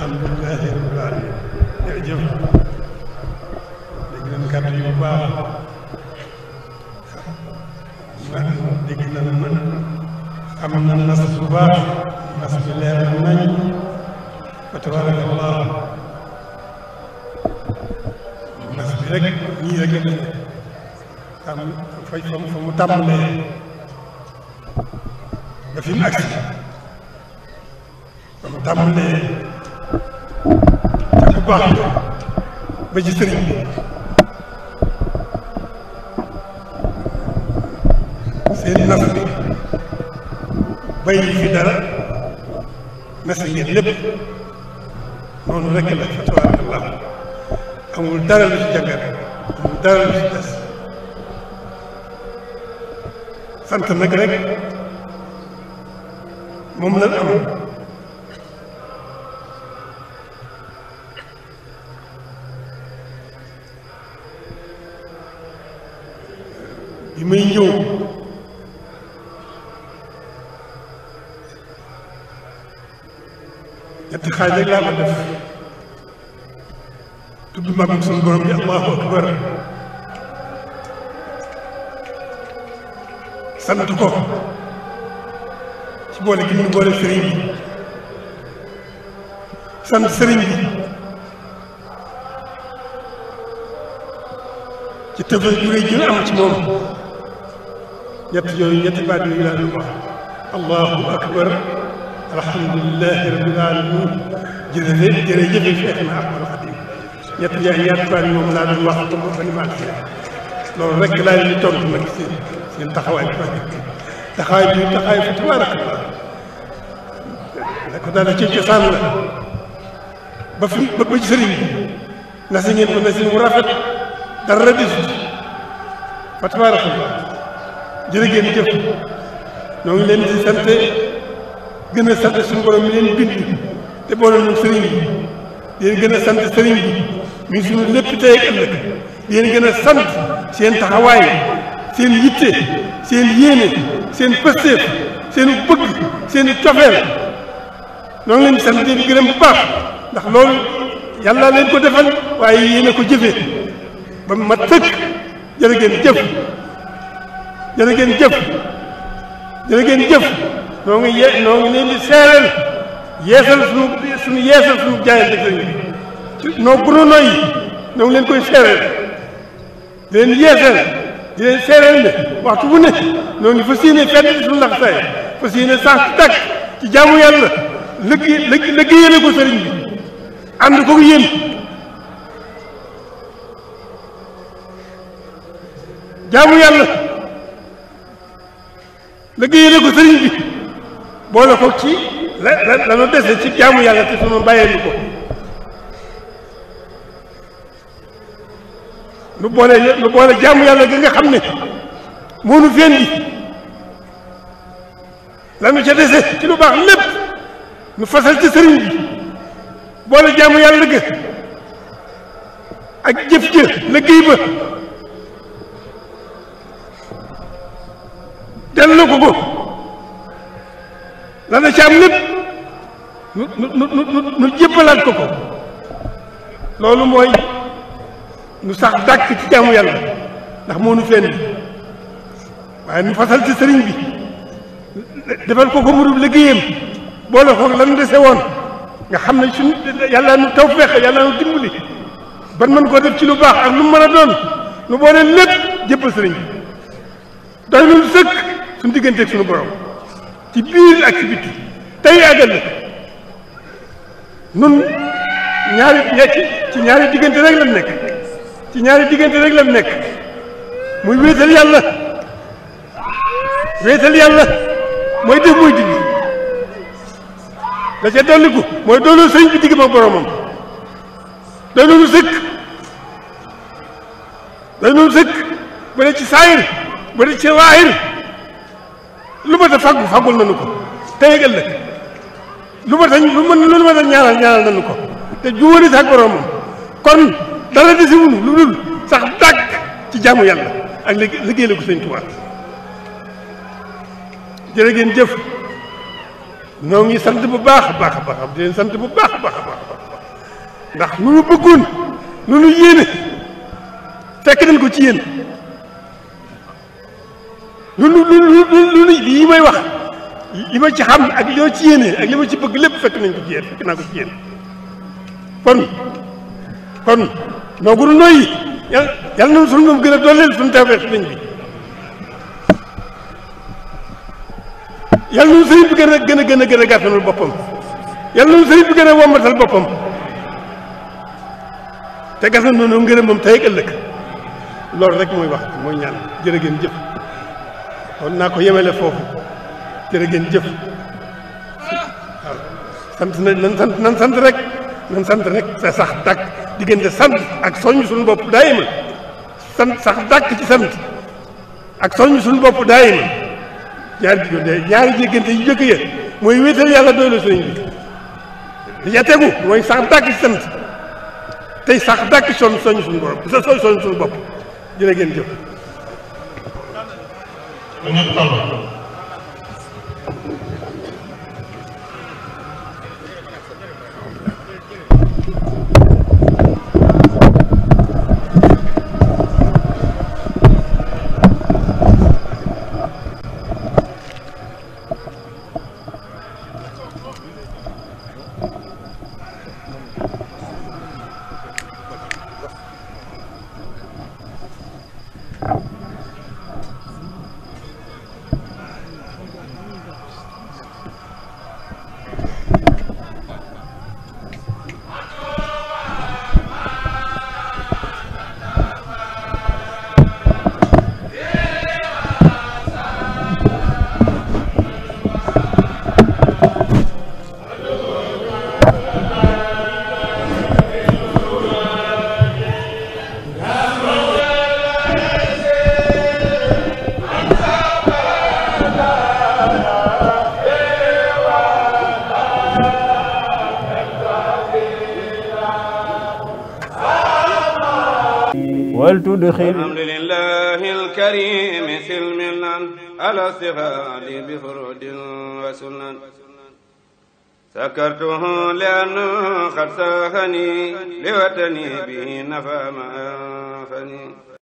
alhamdulilahi rabbil alamin jërëjëf dégg nañ kàddu yu baax man dégg nañ man am na nas bu baax nas bi leer nañ fa tabaraka allah nas bi rek ñii rek a fa fa mu tàmbalee ba fi mu agsi fa mu tàmbalee baax ba ci sëriñ bi seen nas bi bàyyi fi dara nas ngeen lépp noonu rek la fa tabarakallah amul dara lu ci jàngat amul dara lu ci des sant nag rek moom lan am may ñëw ñetti xaaj rek laa ko def tudd magum suñu borom bi allahu akbar sant ko ci boole gi ñu boole sëriñ bi sant sëriñ bi ci tëfal ju rëy am ci moom ñett yooyu ñetti baat yooyu laa doon wax allahu akbar alhamdulilahi rabbil alamin jërëjëf jërëjëf fekk na ak alxadim ñett yaay ñaar baat yi moom laa doon wax te moom dañu maa gisee loolu rek laa leen di tontu nag seen seen taxawaay bi wax dëgg taxawaay bi taxawaay bi tabaarakallah ko daal ci cosaan la ba fi ba ba ci sëriñ bi nasi ngeen ko nasi mu rafet dara desut fa tabaarakallah jërë ngeen jëf ñoo ngi leen di sant gën a sant suñu borom mi leen bind te boole ñu sëriñ di leen gën a sant sëriñ bi mi suñu lépp tey ak ëllëg di leen gën a sant seen taxawaay seen yitte seen yéene seen pësteef seen bëgg seen cofeel ñoo ngi leen di sant di gërëm bu baax ndax loolu yàlla leen ko defal waaye yéene ko jëfee ba mat sëkk jërë jëf jërë ngeen jëf jërë ngeen jëf noo ngi ye noo ngi leen di seeral yeesal suñu suñu yeesal suñu jaayante sëriñ bi noo gënoon noyyi noo ngi leen koy seeral di leen yeesal di leen seeral ne waxtu bu ne noo ngi fas yéene fenn suñu laxasaay fas yéene sax tàkk ci jaamu yàlla lëggee lëggee lëggee ko sëriñ bi ànd ko yéen jaamu yàlla. liggéeyee na ko sëriñ bi boole ko ci la la la ma dese ci jaamu yàlla te sunu bàyyee ñu ko nu boole nu boole jaamu yàlla gi nga xam ne moo nu feen gi lanu ca dese ci lu baax lépp nu fasal ci sëriñ bi boole jaamu yàlla gi ak jëf jë liggéey ba dana ci am lépp nu nu nu nu nu jébbalaat ko ko loolu mooy nu sax dàkk ci jaamu yàlla ndax moo nu fenn waaye nu fasal ci sëriñ bi defal ko ko murub liggéeyam boole ko lan dese woon nga xam ne suñ yàlla nu tawfeex yàlla nu dimbali ba mën koo def ci lu baax ak lu mu mën a doon nu boole lépp jébbal sëriñ bi doy lu sëkk suñu digganteeg suñu borom. ci biir ak ci biti tey àggal nun ñaari ci ñaari diggante rek la nekk ci ñaari diggante rek la nekk muy wéetal yàlla wéetal yàlla mooy def mooy dindi da ca dolliku mooy dooloo sëñ bi digg ma boromam day noonu sëkk day noonu sëkk bu dee ci saayir bu dee ci waayir lu ma ta faggu faggul nañu ko tey ak ëllëg lu ma ta lu mën lu ma ta ñaanal ñaanal nañu ko te juwóoni sax boromam kon dara di si lu dul sax dàkk ci jaamu yàlla ak liggéey la ko sëñ Tuubaa jërë ngeen jëf noo ngi sant bu baax a baax a baax di leen bu baax a baax ndax lu nu bëggoon lu nu yéene fekk nañ ko ci yéen lu lu lu lu lii may wax li ma ci xam ak li ma ci yéene ak li ma ci bëgg lépp fekk nañ ko ci yéen fekk naa ko ci yéen kon kon noo gënu nooyi yàlla yàlla na suñu moom gën a dooleel suñu tawfeex sëriñ bi yàlla na sëriñ bi gën a gën a gën a gën a gàttanul boppam yàlla na sëriñ bi gën a wombatal boppam te gasal noonu ngërëm moom tey ak ëllëg loolu rek mooy wax mooy ñaan jërë ngeen jëf kon naa ko yemale foofu jërë ngeen jëf waaw sant nañ nan sant nan sant rek nan sant rek sa sax dàkk diggante sant ak soññ suñu bopp daayima sant sax dàkk ci sant ak soññ suñu bopp daayima ñaar diggante de diggante yu jëkk ya mooy wéetal yàlla doylu sëriñ bi ya tegu mooy sax dàkk ci sant tey sax dàkk soñ soññ suñu bopp sa soñ soñ bopp jërë ngeen jëf lu ñu toll wal tudxil alhamdulillahi alkarim silmilan ala sihali bi furudin wa sunan sakartuhu lianu xad saxani liwatani bi nafa ma fani